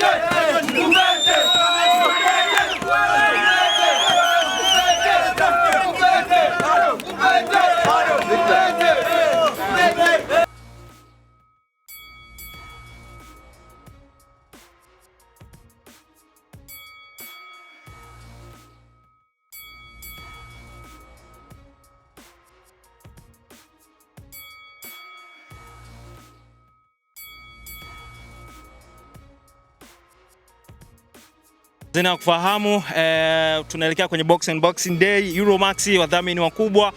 Joy zina kufahamu e, tunaelekea kwenye Boxing, Boxing Day Euromax, wadhamini wakubwa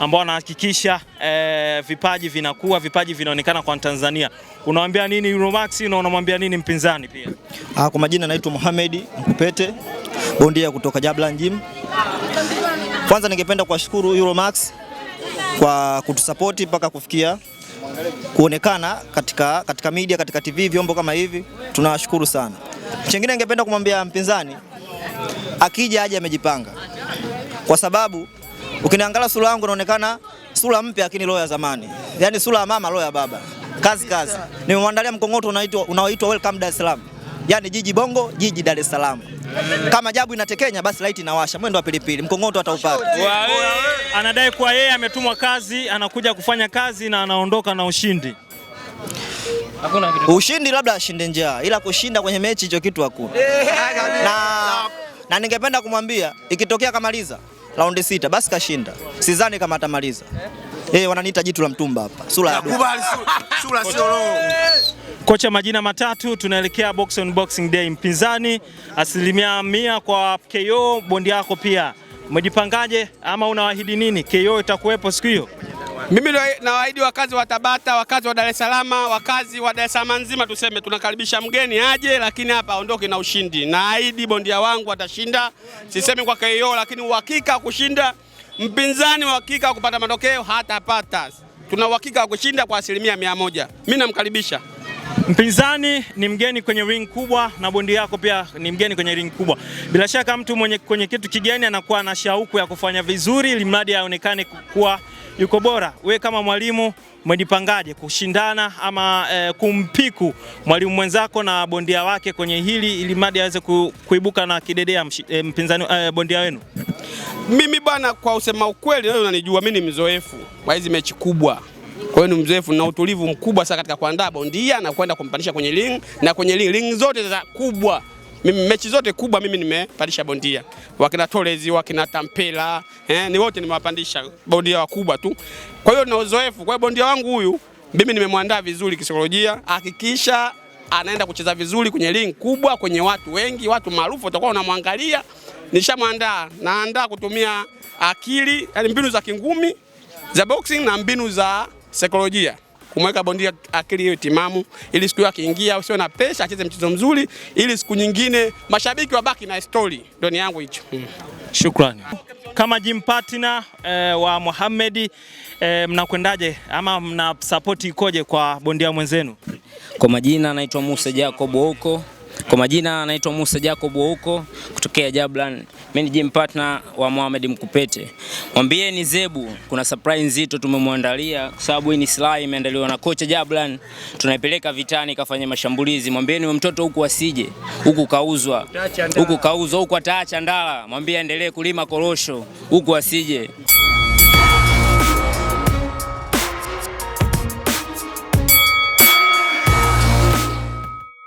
ambao wanahakikisha e, vipaji vinakuwa vipaji vinaonekana kwa Tanzania. Unawambia nini Euromax na unamwambia nini mpinzani pia? Ah, kwa majina naitwa Mohamed Mkupete bondia kutoka Jablan Gym. Kwanza ningependa kuwashukuru Euromax kwa kutusapoti mpaka kufikia kuonekana katika, katika media katika TV vyombo kama hivi, tunawashukuru sana. Chengine ningependa kumwambia mpinzani akija aje amejipanga, kwa sababu ukiniangalia sura yangu inaonekana sura mpya, lakini roho ya zamani, yaani sura ya mama, roho ya baba. Kazi kazi, nimemwandalia mkongoto unaoitwa unaoitwa welcome Dar es Salaam, yaani jiji bongo, jiji Dar es Salaam. Kama jabu inatekenya basi laiti inawasha, mwendo wa pilipili, mkongoto ataupata. Anadai kuwa yeye ametumwa kazi, anakuja kufanya kazi na anaondoka na ushindi. Hakuna kitu. Ushindi labda ashinde njaa, ila kushinda kwenye mechi hicho kitu hakuna. Na, na ningependa kumwambia ikitokea kamaliza raundi sita basi kashinda, sidhani kama atamaliza. Eh? eh, wananiita jitu la mtumba hapa. Sura ya kubali sura sio roho. Kocha, majina matatu, tunaelekea box on boxing day. Mpinzani asilimia mia kwa KO, bondi yako pia umejipangaje, ama unawaahidi nini? KO itakuwepo siku hiyo? Mimi nawaahidi wakazi wa Tabata, wakazi wa Dar es Salaam, wakazi wa Dar es Salaam nzima, tuseme tunakaribisha mgeni aje, lakini hapa aondoke na ushindi. Naahidi bondia wangu atashinda, sisemi kwa KO, lakini uhakika kushinda. Mpinzani uhakika kupata matokeo hatapata, tuna uhakika wa kushinda kwa asilimia mia moja. Mimi namkaribisha. Mpinzani ni mgeni kwenye ring kubwa na bondi yako pia ni mgeni kwenye ring kubwa. Bila shaka mtu mwenye kwenye kitu kigeni anakuwa na shauku ya kufanya vizuri ili mradi aonekane kuwa yuko bora. We kama mwalimu umejipangaje kushindana ama e, kumpiku mwalimu mwenzako na bondia wake kwenye hili ili mradi aweze ku, kuibuka na kidedea e, mpinzani e, bondia wenu? Mimi bana, kwa usema ukweli, wewe unanijua mimi ni mzoefu kwa hizi mechi kubwa kwa hiyo ni mzoefu na utulivu mkubwa sana katika kuandaa bondia na kwenda kumpandisha kwenye ring na kwenye ring, ring zote za kubwa mimi mechi zote kubwa mimi nimepandisha bondia, wakina Torezi, wakina Tampela eh, ni wote nimewapandisha bondia wakubwa tu. Kwa hiyo na uzoefu. Kwa hiyo bondia wangu huyu mimi nimemwandaa vizuri kisaikolojia, hakikisha anaenda kucheza vizuri kwenye ring kubwa, kwenye watu wengi, watu maarufu watakuwa wanamwangalia. Nishamwandaa, naandaa kutumia akili, yani mbinu za kingumi za boxing na mbinu za saikolojia kumweka bondia akili iwe timamu, ili siku akiingia usiwe na pesa acheze mchezo mzuri, ili siku nyingine mashabiki wabaki na story. ndoni yangu hicho hmm. Shukrani. Kama gym partner eh, wa Mohamed eh, mnakwendaje ama mna support ikoje kwa bondia mwenzenu? Kwa majina anaitwa Musa Jacob Ouko. Kwa majina anaitwa Musa Jacob Ouko kutokea Jablan mimi ni gym partner wa Mohamed Mkupete. Mwambie ni Zebu, kuna surprise nzito tumemwandalia kwa sababu hii ni silaha imeandaliwa na kocha Jablan. Tunaipeleka vitani kafanye mashambulizi. Mwambie ni mtoto huku asije. Huku kauzwa. Huku kauzwa, huku ataacha ndala. Mwambie aendelee kulima korosho. Huku asije.